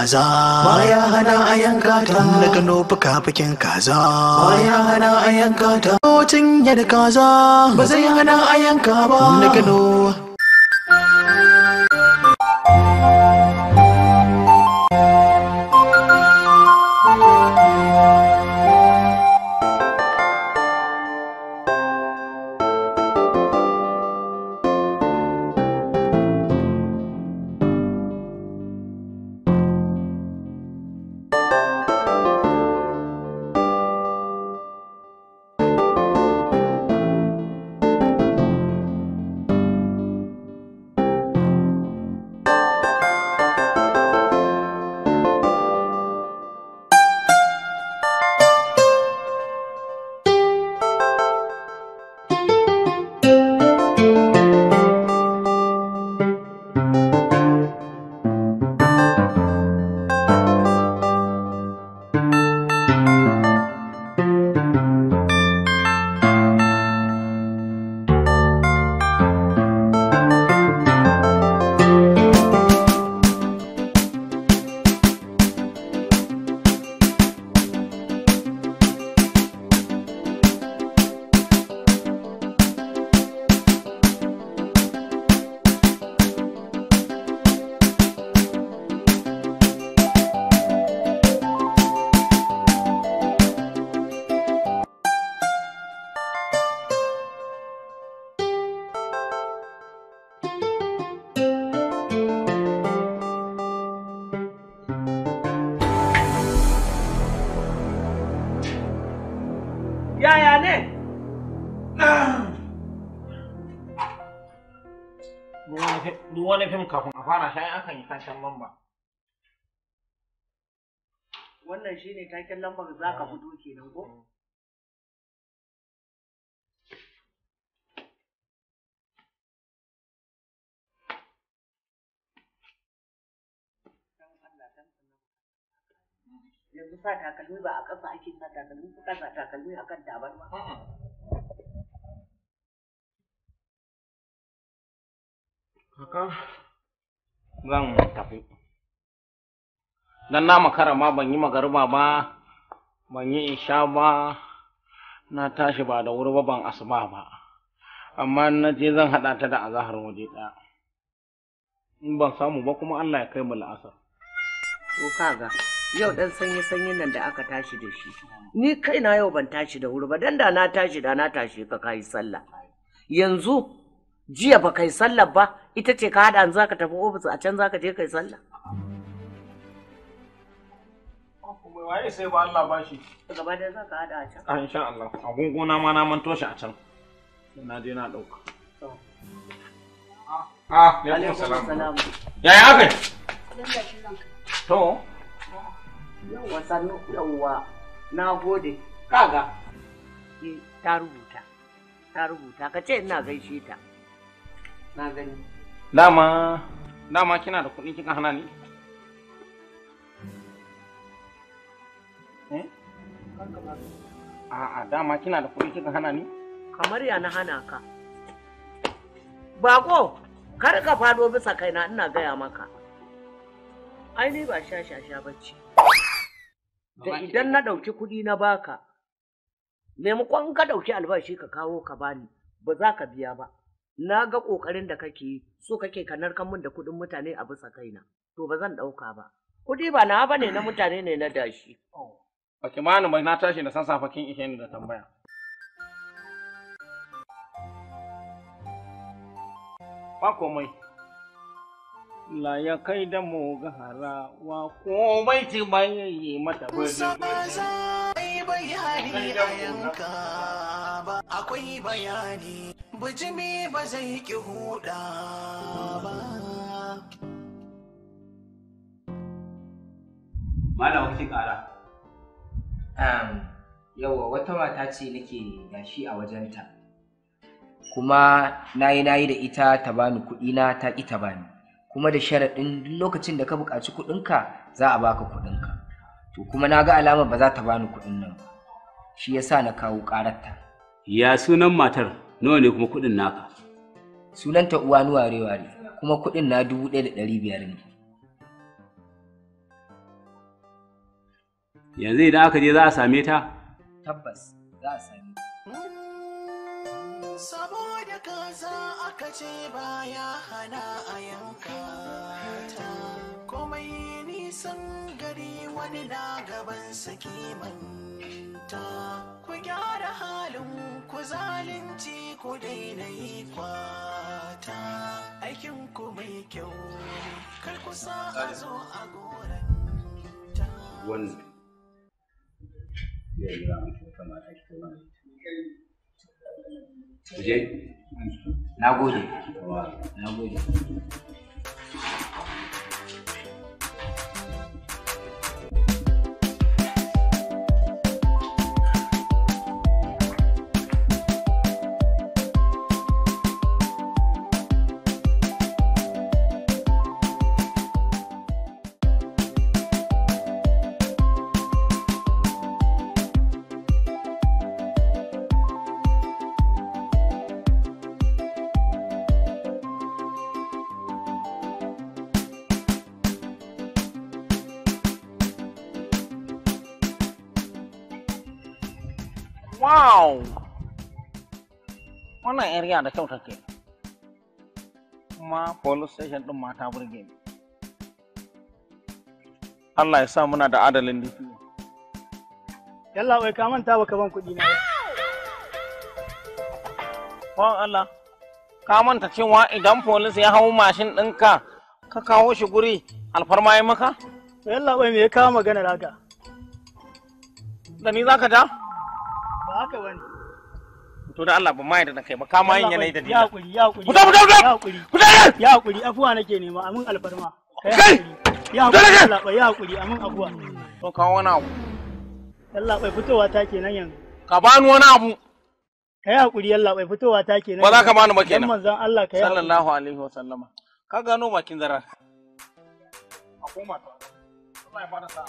kaza baya hana a yanka ta na gano fuka-fukin kaza baya hana a yanka ta cin yadda kaza ba zai hana a yanka ba na gano wancan lamba wannan ne taken lambar za ka ah. fito kenan ko mm. yanzu sa takalmi ba a ƙasa ake sa takalmi ko ƙasa takalmi a kan ba. kaka zan tafi dan na makara ma ban yi magariba ba ban yi isha ba na tashi ba da wuri ba ban asuba ba amma na je zan haɗa ta da azahar waje ɗaya in ban samu ba kuma Allah ya kai mu la'asar to kaga yau dan sanyi sanyin nan da aka tashi da shi ni kaina yau ban tashi da wuri ba dan da na tashi da na tashi ka kai sallah yanzu jiya ba kai sallah ba ita ce ka haɗa za ka tafi ofis a can za ka je ka haɗa a can. Ah, ma na manto shi a can. Na je na ɗauka. Ah, ya kuma salamu. yi? To. Yawwa sannu yawwa na gode. Kaga. Eh, ta rubuta. Ta rubuta ka ce ina gaishe ta. Na gani. Dama, dama kina da kuɗin kika hana ni? Eh? A'a dama kina da kuɗi kika hana ni? Kamar ya na hana ka. Bako, kar ka fado bisa kaina ina gaya maka. Ai ni ba sha sha sha bacci. Da idan na ɗauki kuɗi na baka, maimakon ka ɗauki albashi ka kawo ka bani, ba za ka biya ba. na ga ƙoƙarin da kake yi so kake ka narkan min da kuɗin mutane a bisa kaina to ba zan ɗauka ba kuɗi ba na bane na mutane ne na dashi ba ki ma na tashi da sassafe kin ihe ni da tambaya ba komai la ya kai da mu ga harawa komai ti mai yi mata bayani a yanka ba akwai bayani bijimi ba zai ki huda ba malama kake kara um, yawa wata mata ce nake gashi a wajenta kuma nayi nayi da ita ta bani kuɗi na ta ita bani kuma da sharaɗin duk lokacin da ka buƙaci kuɗinka za a baka kuɗinka to kuma na ga alamar ba za ta bani kuɗin nan ba shi yasa na kawo ƙararta ya sunan matar nawa ne kuma kuɗin naka sunanta uwa ni ware ware kuma kuɗin na dubu ɗaya da ɗari biyar ne yanzu idan aka je za a same ta tabbas za a same ta saboda kaza aka ce baya hana a yanka ta komai nisan gari wani na gaban sa kimanta aminta ku gyara halin ku zalunci ku daina yi kwata aikin ku mai kyau kar ku sa a zo a goranta wannan zai yi ramin shi kamata ki kuma Kuje? Na gode. Na gode. yar yana da kyau take kuma police station din mata burge ni Allah ya sa muna da adalin duki yalla wai ka manta baka ban kuɗi na ba Allah ka manta cewa idan police ya hau mashin ɗinka ka ka kawo shi guri alfarma ya maka to yalla wai me ya kawo magana da haka da ni zaka ta ba haka bane to da Allah ba ma da na kai ba ka ma yin yanayi da ni ya hakuri ya hakuri kuta Ku kuta kuta ya hakuri afuwa nake nema amin alfarma kai ya hakuri ya hakuri amin abuwa. to kawo wani abu Allah bai fitowa ta kenan yanzu ka bani wani abu kai hakuri Allah bai fitowa ta kenan ba za ka bani ba kenan manzon Allah kai sallallahu alaihi wasallama ka gano bakin zarar a koma ta Allah ya bada sa'a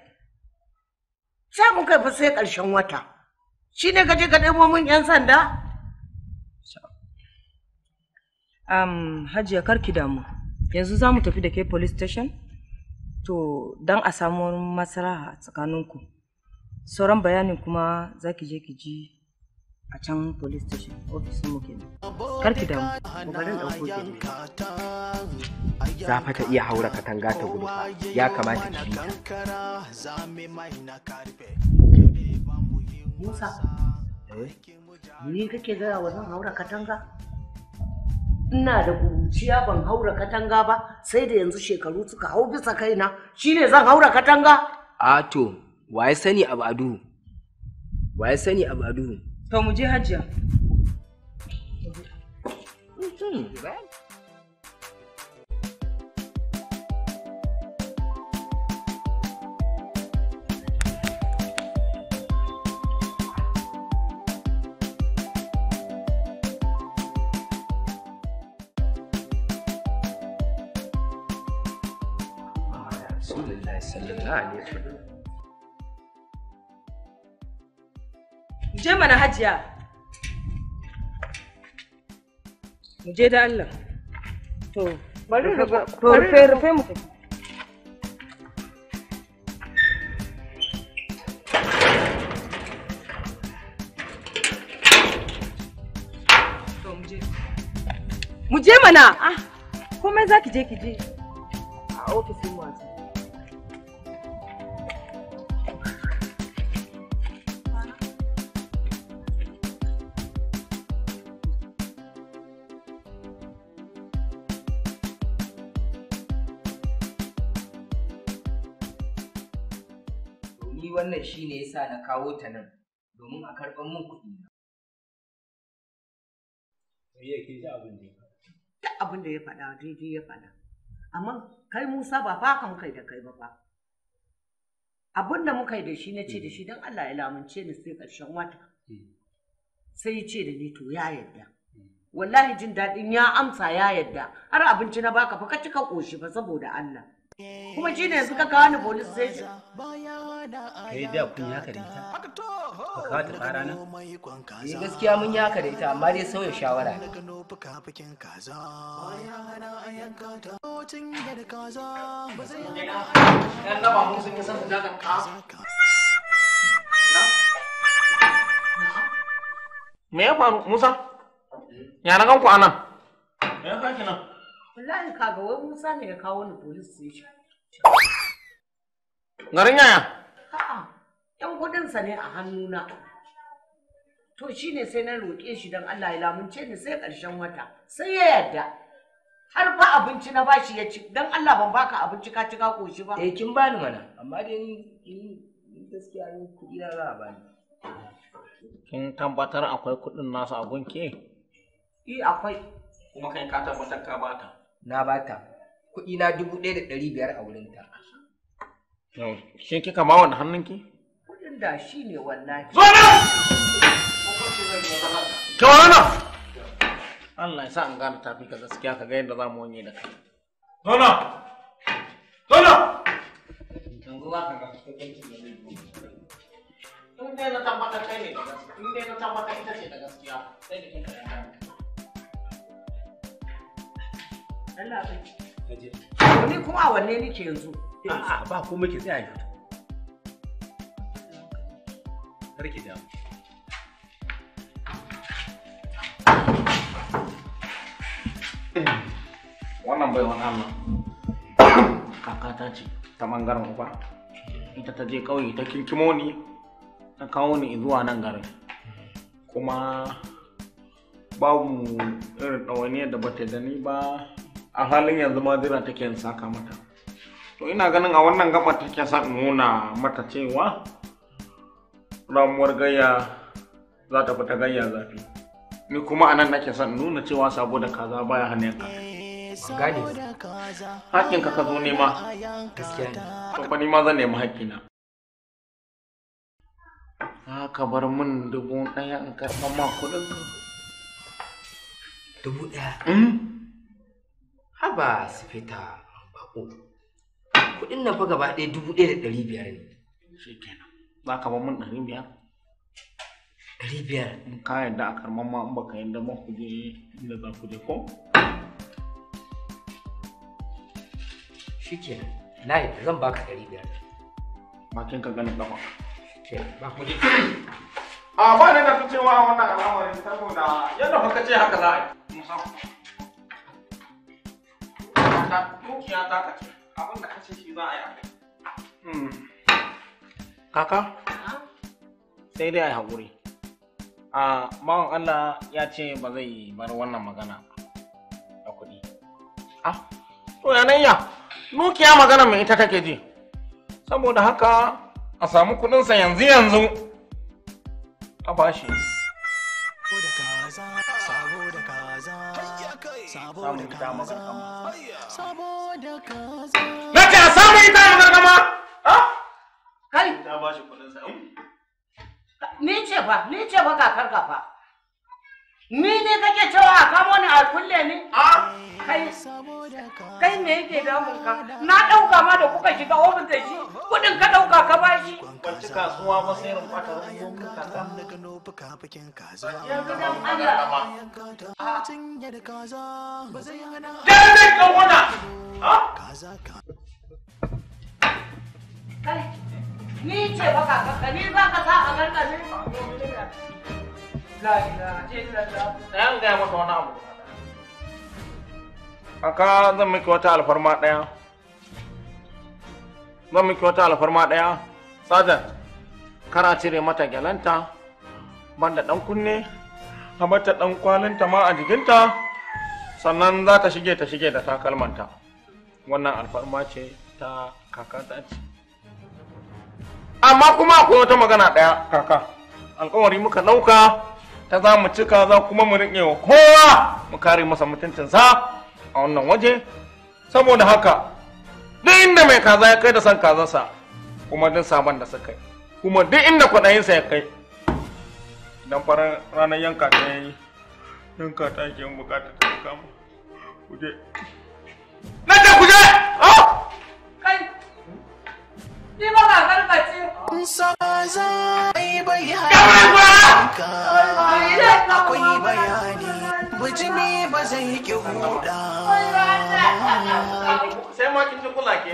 jira mu kai fa sai ƙarshen wata shi ne ka je ka nemo 'yan sanda um, hajiya karki damu yanzu za mu tafi da ke police station to don a samu masaraha tsakaninku sauran bayanin kuma za ki je ki ji a can police station ofisin mu kenan karki damu kokarin dauko ki za fa ta iya haura katanga ta gudu ya kamata ki bi Musa eh, ni kake gaya wa zan haura katanga ina da kuruciya ban haura katanga ba sai da yanzu shekaru suka hau bisa kaina shine zan haura katanga ato waye sani abu aduhu waye sani abu To mu je hajiya. sallallahu alaihi wasallam je mana hajiya mu je da Allah to bari rufe rufe mu mu je mana ah, komai za ki je ki je a ofisin mu yasa na kawo ta nan domin a karɓar mun kuɗi na. ke ji abin da Duk abin da ya faɗa daidai ya faɗa. Amma kai Musa ba fa kai da kai ba fa. Abin da muka yi da shi na ce da shi don Allah ya lamunce ni sai ƙarshen wata. Hmm. Sai ya ce da ni to ya yarda. Hmm. Wallahi jin daɗin ya amsa ya yarda har abinci na baka fa ka cika ƙoshi ba saboda Allah. kuma shi ne suka ka kawo ni ji ka yi da kun yi haka da ita ka kawo ta fara nan eh gaskiya mun yi haka da ita amma dai sauya shawara me ya faru musa ya na ganku anan me ya kaki nan wallahi kaga wai Musa ne ya kawo ni police station garin yaya a'a yan kudinsa ne a hannuna to shine sai na roƙe shi don Allah ya lamunce ni sai ƙarshen wata sai ya yarda har fa abinci na bashi ya ci don Allah ban baka abinci ka ci ka koshi ba eh kin bani mana amma dai ni gaskiya ni kuɗi na za a bani kin tabbatar akwai kuɗin nasu a gunki? Eh akwai. Kuma kai ka tabbatar ka bata. na ba ta. kuɗi na dubu ɗaya da ɗari biyar a wurin ta. Shi kika ma wani hannun ki? Kuɗin da shi ne wallahi. Zo na! Ka wani Allah ya sa an gane tafi ka gaskiya ka ga yadda za mu wanye da kai. Zo na! Zo na! Yanzu za ka ga hukuncin da zai In dai na tabbata kai ne da gaskiya, in dai na tabbata ita ce da gaskiya, sai da kinka ya Ni kuma a wanne nike yanzu? A'a ba tsaya yanzu. Kar ki damu. Wannan bai wani Allah. ce ta bangaren ba. Ita ta je ƙauye ta kinkimo ni ta kawo ni zuwa nan garin. Kuma babu irin ɗawainiyar da bata da ni ba a halin yanzu ma jira take yin saka mata to ina ganin a wannan gaba take sa nuna mata cewa ramuwar gayya za ta fita gayya zafi ni kuma anan nake son nuna cewa saboda kaza baya hannun ka gani hakkin ka ka zo nema gaskiya ne to fa ni ma zan nemi hakkina za ka bar min dubu ɗaya in karɓa ma kuɗin dubu ɗaya hmm? ba su fita bako kudin na fa gaba ɗaya dubu ɗaya da ɗari biyar ne shi kenan za ka ba mun ɗari biyar ɗari biyar in ka yarda a karɓar ma in baka yarda ma ku je inda za ku je ko shi kenan na zan baka ɗari biyar bakin ka ganin kafa ba ku je a ba ne da cewa wannan al'amarin saboda yadda kuka ce haka za a yi Hmm. kaka sai dai a yi haƙuri a allah ya ce ba zai bar wannan magana da kuɗi ah to yanayya dukiya magana mai ita take ji saboda haka a samu kuɗinsa yanzu yanzu a bashi samu ita na ce a samu ita magargama kai ta ba shi kudin sa ni ce fa ni ce ba kakar ni ne kake cewa a kamo ni a ni kai kai me yake damun ka na dauka ma da kuka shiga ofis da shi kudin ka kwanci kasuwa masu ce ka ce Aka zan miki wata alfarma ɗaya. Zan miki wata alfarma ɗaya. Sajan, kara cire mata gyalanta, banda ɗan kunne, a mata ɗan kwalinta ma a jikinta, sannan za ta shige ta shige da takalmanta. Wannan alfarma ce ta kaka ta ce. Amma kuma akwai wata magana ɗaya kaka, alkawari muka ɗauka ta za mu cika za kuma mu riƙe wa kowa mu kare masa mutuncinsa a wannan waje, saboda haka duk inda mai kaza ya kai da son kazarsa. kuma din sabon da suka yi kuma duk inda kwaɗayinsa ya kai dan fara ranar yanka ta yayi yanka ta ke yin bukatar ta kama kuje na da kuje ha kai ni ba ka garbace saza ai bai haka akwai bayani bijimi ba zai ki huda sai ma kin ji kula ke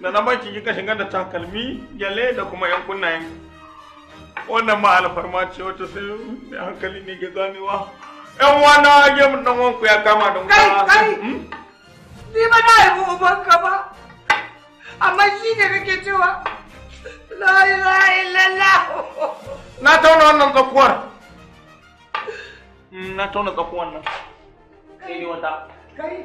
da na banki kika kashin ganda takalmi gyale da kuma yan kunnayen wannan ma alfarma ce wata sai mai hankali ne ga ganewa yan wana ya mun dan wanku ya kama da mu kai kai hmm? ni ba na yi ka ba amma shi ne kake cewa la ilaha illallah na tauna wannan tsakuwar hmm, na tauna tsakuwar nan sai ni wata kai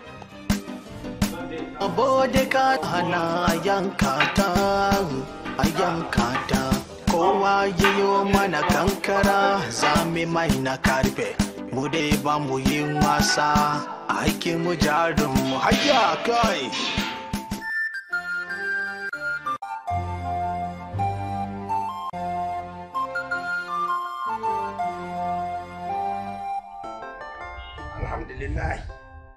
abodika hana yankata a yanka kowa yiyo mana kankara zami mai na karfe mu dai ba mu yin wasa a haƙƙin mu jarin mu hayya kai alhamdulillah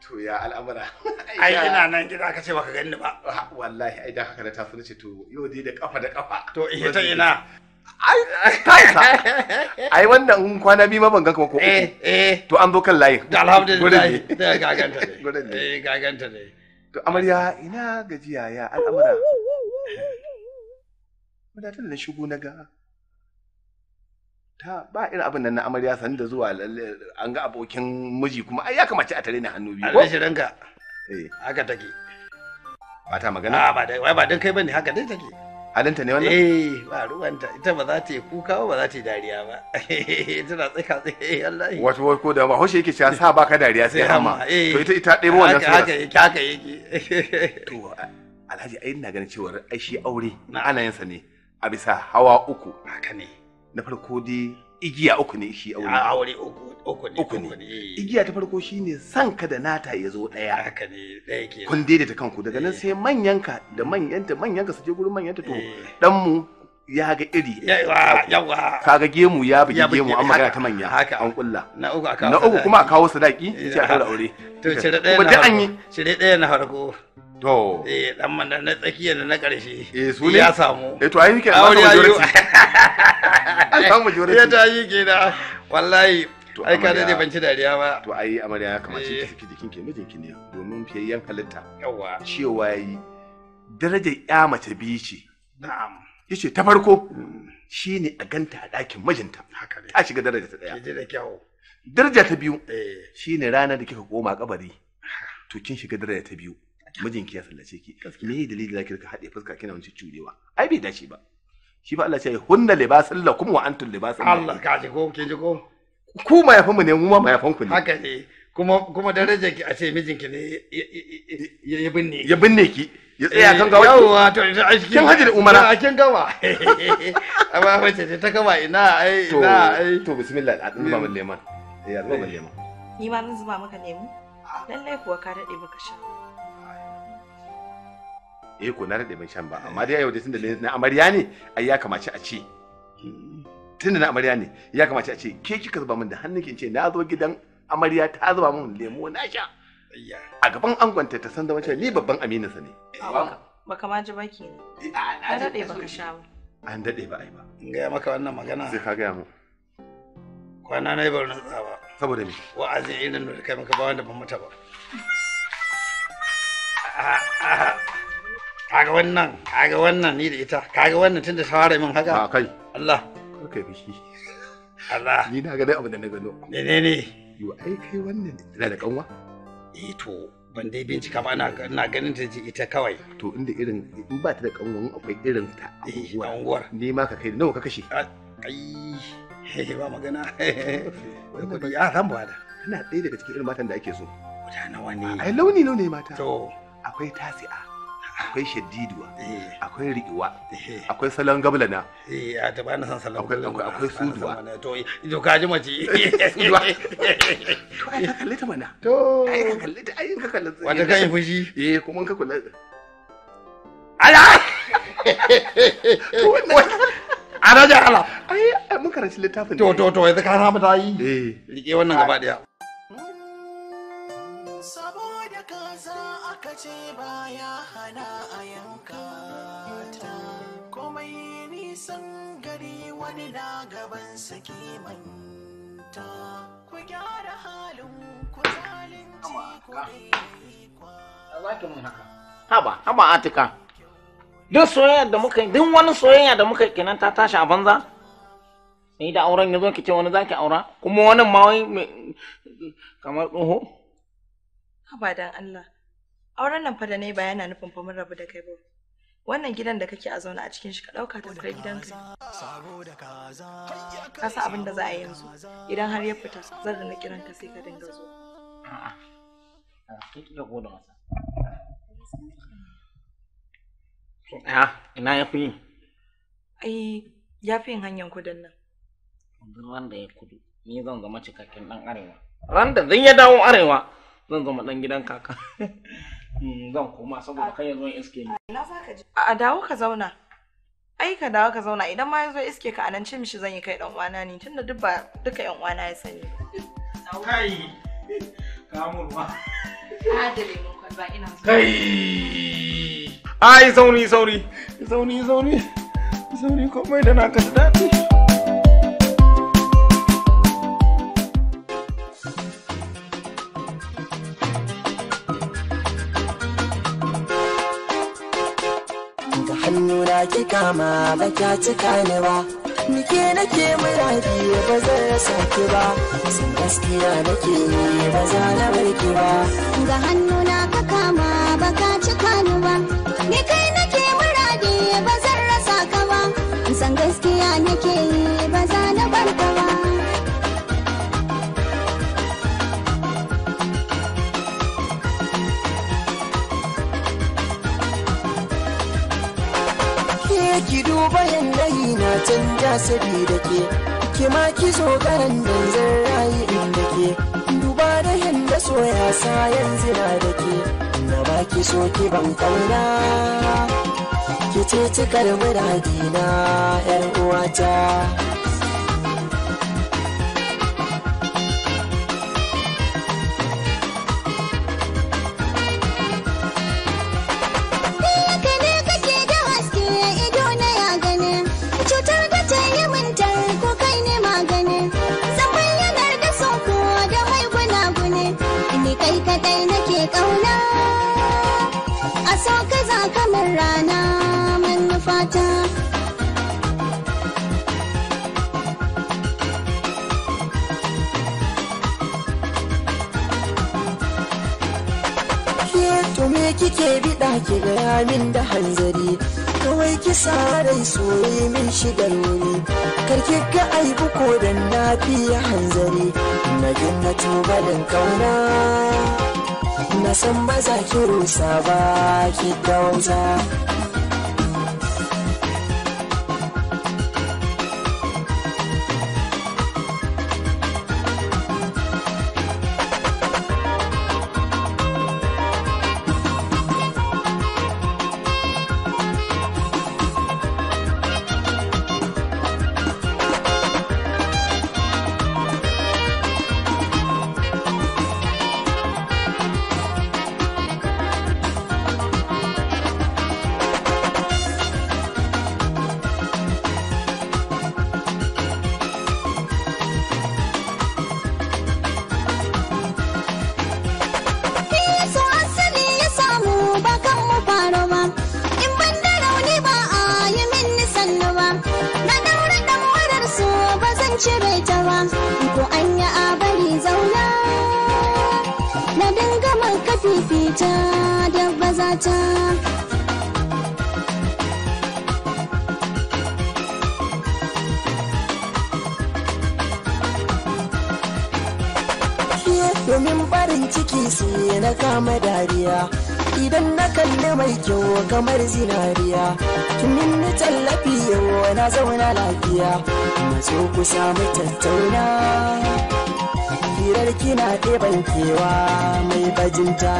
to ya al'amura ai ina nan gida aka ce baka gani ba wallahi ai da haka na tafi nace to yau dai da kafa da kafa to ihe eh, ta ina ai kansa ai wannan kwana biyu ma ban ganka ko eh eh to an zo kan layin alhamdulillah da gaganta ne eh gaganta ne to amarya ina gajiya ya al'amura wadatun na shigo na ga ta ba irin abin nan na amarya sanin da zuwa an ga abokin miji kuma ai ya kamace a tare ni hannu biyu ko Eh. haka take ba ta magana ah, ba da ba dan kai bane haka dai take halinta ne wannan eh ba ruwanta ita ba za ta yi kuka ba ba za ta yi dariya ba tana tsaka tsaye wallahi wato wato ko da ba hoshe yake cewa sa baka dariya sai hama eh. to ita ita ɗaya wannan sai haka yake haka yake to alhaji ai ina ganin cewa ai shi aure na ana yin sa ne a bisa hawa uku haka ne na farko dai igiya uku ne shi aure aure uku ne uku ne igiya ta farko shine san ka da nata ya zo daya haka ne daya ke kun daidaita kanku daga nan eh. sai manyanka da manyanta manyanka su je gurin manyanta to dan eh. mu ya ga iri yawa kaga gemu ya bi gemu an magana ta manya an kulla na uku kuma a kawo sadaki sai a aure to shirye daya na farko to eh dan man na tsakiya da na karshe eh su ne ya samu eh to ai yake an samu majority an samu majority ya tashi kenan wallahi ai ka dai ban ci dariya ba to ai amarya ya kamace ki eh. saki jikin ki mijinki ne domin fiyayyen halitta yawa cewa yi darajar ya mace biyu ce na'am yace ta farko mm. ne a ganta a ɗakin mijinta haka ne ta shiga daraja ta ɗaya. daya da kyau daraja ta biyu eh. Shi ne ranar da kika koma kabari to kin shiga daraja ta biyu mijinki ya sallace ki me yi dalili zaki rika haɗe fuska kina wani curewa ai bai dace ba shi fa Allah ce hunna libasan lakum wa antum libasan Allah ka ji ko ke ji ko ku ma yafi mu ne mu ma ma yafan ku ne haka ne kuma kuma darajar ki a ce mijinki ne ya binne ya binne ki ya tsaya kan gawa eh, yawa to kin haji da umara a ah, kin gawa amma wace ce ta gawa ina ai ina ai to bismillah a tsumba mun leman ya eh, tsumba mun eh. leman ni ma mun zuba maka lemu ah. lallai kuwa ka dade baka sha eh ko na rade mai shan ba amma eh. dai yau dai tunda na amarya ne ai ya kamace a ce tunda na amarya ne ya kamace a ce ke kika zuba min da hannun kin ce na zo gidan amarya ta zuba min lemo na sha a gaban angonta ta san da wancan ni babban aminin sa ne eh, baka ma ji ba ke ne an daɗe ka sha ba an daɗe ba ai ba in ga maka wannan magana sai ka gaya mu kwana na yi na tsaba saboda me wa'azin irin da kai maka ba wanda ban mata ba kaga wannan kaga wannan ni da ita kaga wannan tunda ta fara min haka a kai Allah kar kai fishi Allah ni na ga dai abin da na gano ne ne ne yo ai kai wannan ina da kanwa eh to ban dai bincika ba na ina ganin ta ji ita kawai to inda irin in ba ta da kanwan akwai irin ta eh, unguwar ni ma ka kai nawa ka kashe ai ba magana ya san ba da ina ɗaya daga cikin irin matan da ake so guda nawa ne ai launi launi mata to akwai tasi'a akwai shaddiduwa eh. akwai riƙiwa eh. akwai salon gablana eh, a taba na san salon gablana akwai suduwa to ido ka ji mace suduwa to ai ka kalli ta mana to ai ka kalli ta ai ka kalli ta wata kai fushi eh kuma ka kula ala a raja ala ai mun karanci littafin to to to yanzu ka samu ta yi eh rike wannan gaba daya mm, saboda kaza aka ce baya hana na gaban su kimanta ku gyara halin ku zalunci ku dai haba haba atika duk soyayya da muka duk wani soyayya da muka kenan ta tashi a banza ni da auren ya zo ki ce wani zaki aura kuma wani ma wai kamar tsoho haba dan Allah auren nan fa da nayi ba yana nufin fa mun rabu da kai ba wannan gidan da kake a zaune a cikin shi ka ɗauka ta kai gidan ka sa abin da za a yanzu idan har ya fita zan rinka kiran ka sai ka dinga zo a'a ina ya fi yi ai ya fi yin hanyar kudin nan duk wanda ya kudu ni zan zama cikakken dan arewa Randa zan ya dawo arewa zan zama dan gidan kaka Mm, zan koma saboda kan yanzu iske ne na a dawo ka zauna ai ka dawo ka zauna idan ma yanzu iske ka anan ce mishi zan yi kai dan uwana ne tunda duk ba duka yan uwana ya sani kai kamurwa adalin mun ba ina kai ai zauni zauni zauni zauni zauni komai da naka da dadi ki kama ba kya cika ni ba ke nake ki ba zan rasa ki ba san gaskiya nake ni ba za na barki ba ga hannuna ka kama ba ka cika ni ba ni kai hasari da ke ki ma ki zo garan nan zan rayu in da ke duba da yanda so ya sa yanzu na da ke na ba ki so ki ban kauna ki ce cikar muradina yar uwata kike biɗa ki gaya min da hanzari kawai ki rai soyi min shigar wuri karki ga aibu ko dan na fiye hanzari na gina tubalin kauna na san ba za ki rusa ba ki dauza min barin ciki sai na kama dariya idan na kalli mai kyau kamar zinariya tunin ni tallafi yau na zauna lafiya maso kusa mu tattauna Firar kina ɗeban kewa mai bajinta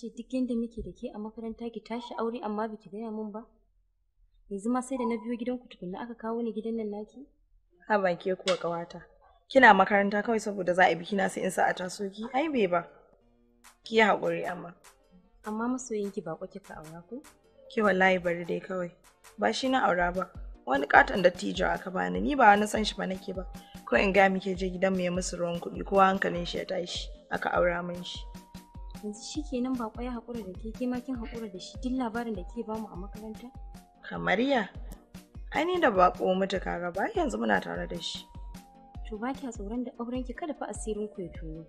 ce duk yadda muke da ke a makaranta ki tashi aure amma biki gaya mun ba yanzu ma sai da na biyo gidanku tukunna aka kawo ni gidan nan naki ha ban ke kuwa kawata kina makaranta kawai saboda za a biki na sai in sa a taso ki ai bai ba ki yi haƙuri amma amma masoyinki ba kwake ka aura ko ki wallahi bari dai kawai ba shi na aura ba wani katon da tijo aka bani ni ba wani san shi ba nake ba ko in ga muke je gidan mu ya musu ruwan kuɗi kowa hankalin shi ya tashi aka aura min shi yanzu shi kenan ba ya haƙura da ke ke makin haƙura da shi duk labarin da ke bamu a makaranta kamariya ai ni da baƙo mutu kaga ba yanzu muna tare da shi to ba kya tsoron da auren ki kada fa asirin ku ya tuno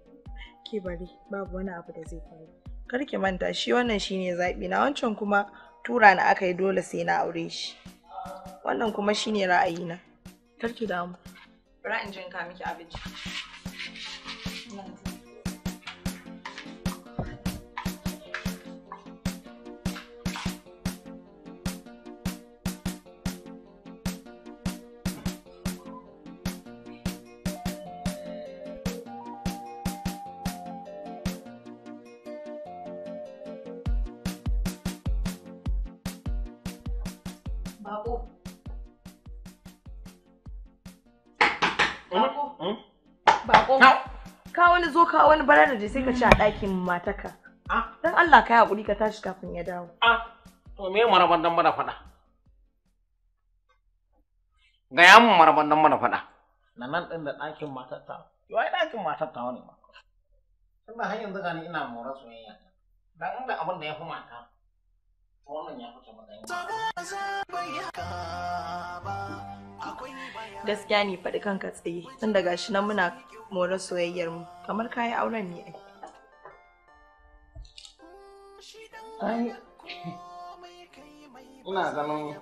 ke bari babu wani abu da zai faru kar ki manta shi wannan shine zaɓi na wancan kuma tura na aka yi dole sai na aure shi wannan kuma shine ra'ayina kar ki damu ra'ayin jinka miki abinci wani barar da sai ka ci a ɗakin mataka. Ah. Don Allah ka yi haƙuri ka tashi kafin ya dawo. Ah. To me marabar dan mana faɗa? Ga ya mun marabar dan mana faɗa. Na nan ɗin da ɗakin matata. ai ɗakin matata wani ma. Tunda hanyar zaga ni ina mora soyayya. Dan inda abin da ya fi mata. Wannan ya fi ta matsayin. gaskiya ne faɗi kanka tsaye tun daga shi nan muna more soyayyar mu kamar kayi auren ne ai ai ina ganin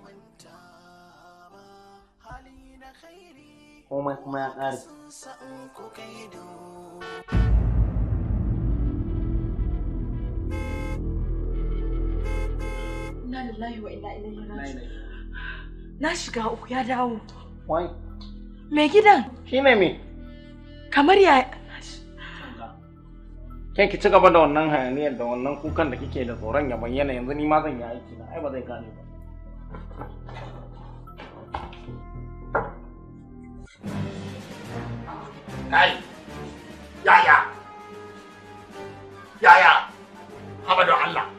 komai kuma ya ƙare Inna lillahi wa inna ilaihi raji'un. Na shiga uku ya dawo. Wai. Me gidan? Shi ne me? Kamar ya Ken ki ci gaba da wannan hayaniyar da wannan kukan da kike da tsoron ya bayyana yanzu ni ma zan yi aiki na ai ba zai gane ba. Kai! Yaya! Yaya! Haba don Allah!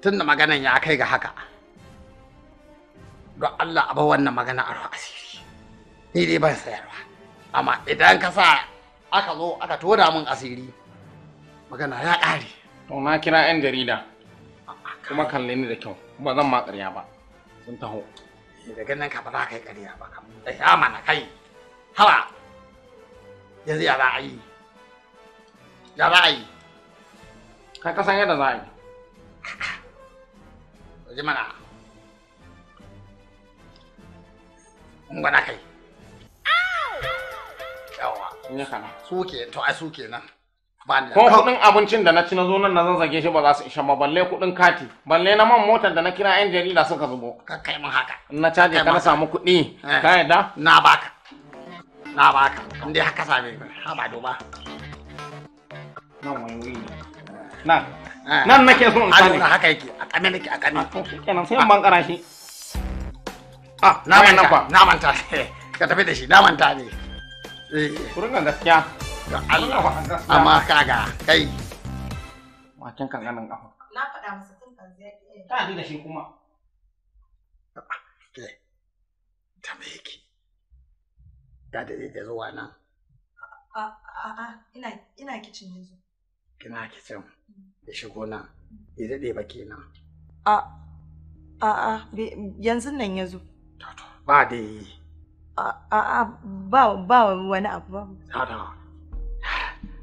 Tun da maganan ya kai ga haka don Allah a wannan magana a asiri ni dai ban sayarwa amma idan ka sa aka zo aka tona min asiri magana ya ƙare to na kira 'yan jarida kuma kalle ni da kyau ba zan ma ƙarya ba sun taho daga ganin ka ba za ka yi ƙarya ba kam da ya mana kai hawa yanzu ya za a yi ya za a ka kasan yadda za a yi jimana ngwana kai yawa ne kana su to ai su kenan ba ni ko kudin abincin da na ci na zo nan na zanzage shi ba za su isha ba balle kudin kati balle na man motar da na kira yan jarida suka zubo ka kai mun haka na caje ka na samu kuɗi eh. ka yadda na baka na baka in haka same ka ha ba doba nan wani wuri nan nake so in sani haka yake a kame nake a kame ah, kenan sai ban kara shi ah na manta na manta ka tafi da shi na manta ne eh kurin Allah kan gaskiya amma kaga kai wakin kan nan kafa na faɗa masa tun kan zai ka ni da shi kuma ke ta me yake da da da zuwa nan a a ina ina kitchen yanzu kina kitchen mm. ya shigo nan ya daɗe ba kenan. A a a yanzu nan ya zo. Ba dai. A a ba ba wani abu ba. Tada.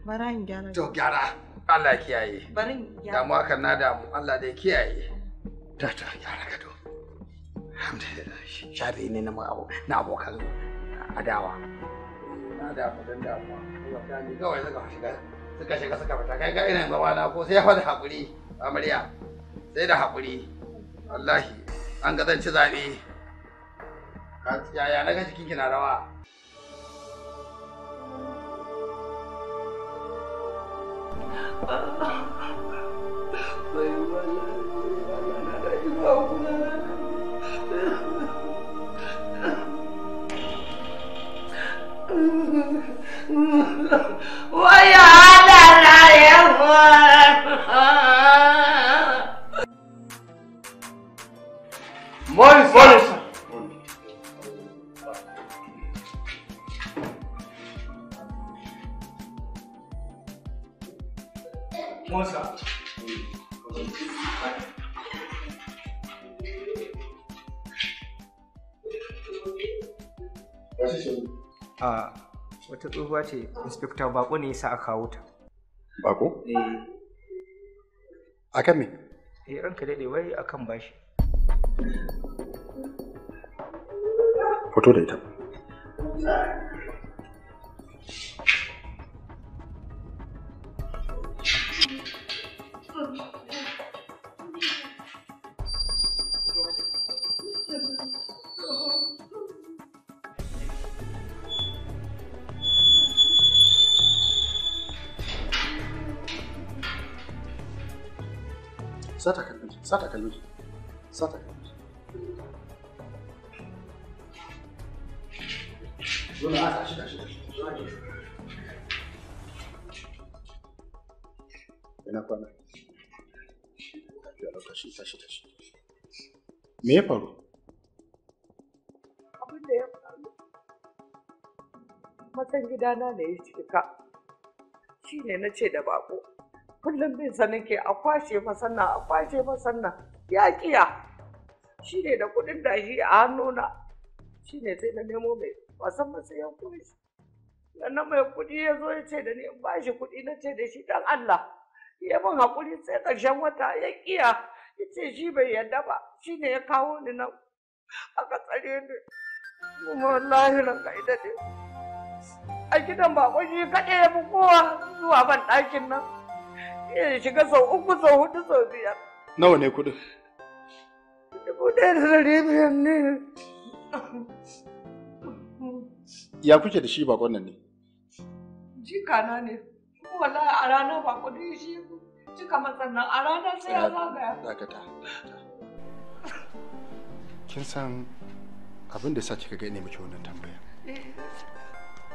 Bara in gyara. To gyara. Allah kiyaye. Bari in gyara. Damu akan na damu Allah dai kiyaye. ta gyara ka to. Alhamdulillah shari ne na na abokan adawa. Na damu don damuwa. Kawai zaka shiga. suka shiga suka fita kai ga irin zama na ko sai ya fada hakuri amarya sai da hakuri wallahi an ga zan ci zaɓe yaya na ga jikinki na rawa ah, ah, ah. Olhada na levada. Mole, mole, Moça. Ah, wata tsohuwa ce inspector bako ne sa aka kawo ta bako eh kan me eh ranka dade wai a kan bashi foto da ita sata kallo sata kallo sata kallo Dole a tashi tashi tashi. Ina kwana. Ya tashi tashi tashi. Me ya faru? Abin da ya faru. Matan gidana ne ya cika. Shi ne na ce da bako. kullum bin sanin ke a kwashe masanna a kwashe masanna ya kiya shi ne da kudin da shi a hannuna shi ne sai na nemo mai wasan masayan kuɗi. nan mai kudi ya zo ya ce da ni in ba shi kudi na ce da shi dan Allah ya min hakuri sai ƙarshen wata ya kiya ya ce shi bai yarda ba shi ne ya kawo ni nan aka tsare ni kuma wallahi ka ita ne a gidan babu shi kaɗai ya fi kowa zuwa ban ɗakin nan ya shiga sau uku sau hudu sau biyar nawa ne kudin dubu ɗaya da ɗari biyar ne ya kuke da shi ba nan ne jikana ne wallahi a rana ba kudi shi cika matsannan a rana sai ya zagaya dakata kin san abin da sa kika ga ne muke wannan tambayar eh.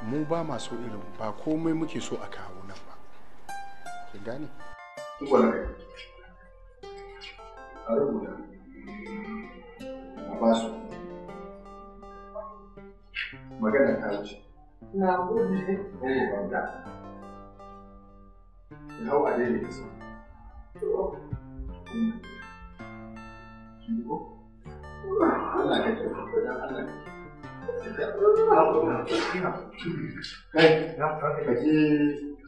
mu ba masu irin ba komai muke so a kawo ki gane a rubuta a basu magana ta wuce na gode ko wanda. Ya hau a daidai Allah ka kai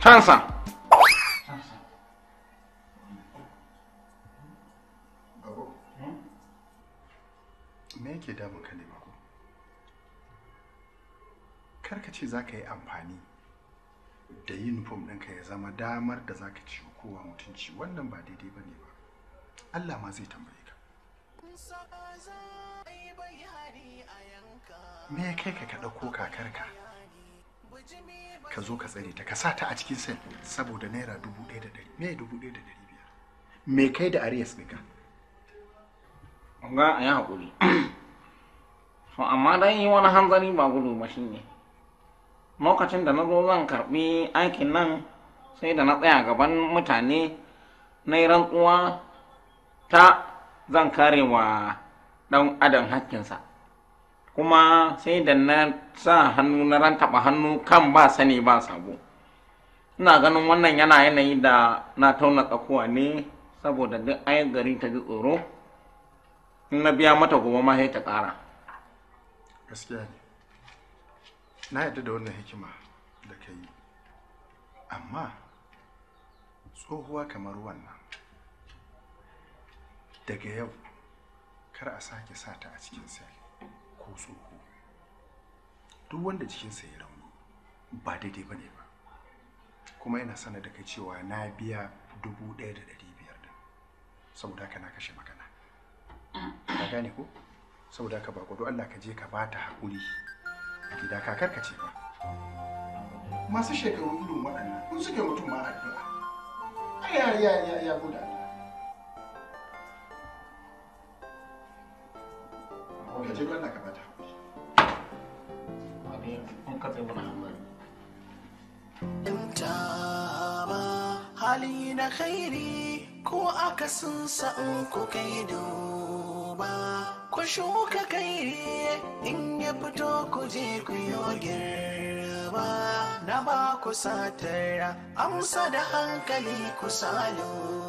Tansan. Me yake damun ka ne mako? ka ce za ka yi amfani da uniform ɗinka ya zama damar da za ka ci kowa mutunci wannan ba daidai ba ne ba. Allah ma zai tambaye ka. Me kai ka ka ɗauko kakarka? ka zo ka tsare ta ka sa ta a cikin sel saboda naira dubu ɗaya da ɗari me dubu ɗaya da ɗari biyar me kai da arias ɗinka ga a yi haƙuri to amma dan yi wani hanzari ba gudu ba shi ne lokacin da na zo zan karɓi aikin nan sai da na tsaya gaban mutane na rantsuwa ta zan kare wa ɗan adam hakkinsa kuma sai da na sa hannu na ran taɓa hannu kan ba sani ba sabo ina ganin wannan yana yanayi da na tauna tsakuwa ne saboda duk ai gari ta ji tsoro in na biya mata gobe ma sai ta kara gaskiya ne na yadda da wannan hikima da ka yi amma tsohuwa kamar wannan daga yau kar a sake sata a cikin ko tsoho duk wanda jikinsa ya rauni ba daidai ba ne ba kuma yana sanar da kai cewa na biya dubu ɗaya da ɗari biyar da saboda haka na kashe magana ka gane ko saboda haka ba ku Allah ka je ka ba ta haƙuri gida kakar ka ce ba masu shekaru irin waɗannan kun suke mutum ma addu'a ai ya ya ya ya ka ce wannan katse mana hali na khairi ko akasin sa'in ku kai duba ku shuka kairi in ya fito ku je ku girba na ba ku satara amsa da hankali ku salo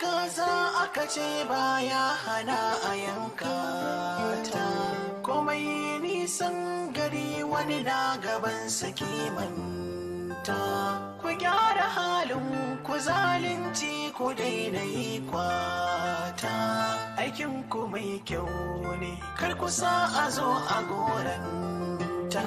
kaza aka ce baya hana a yanka ta komai nisan gari wani na gaban sakimanta ku gyara halin ku zalunci ku daina yi kwata aikin ku mai kyau ne kar ku sa a zo a goranta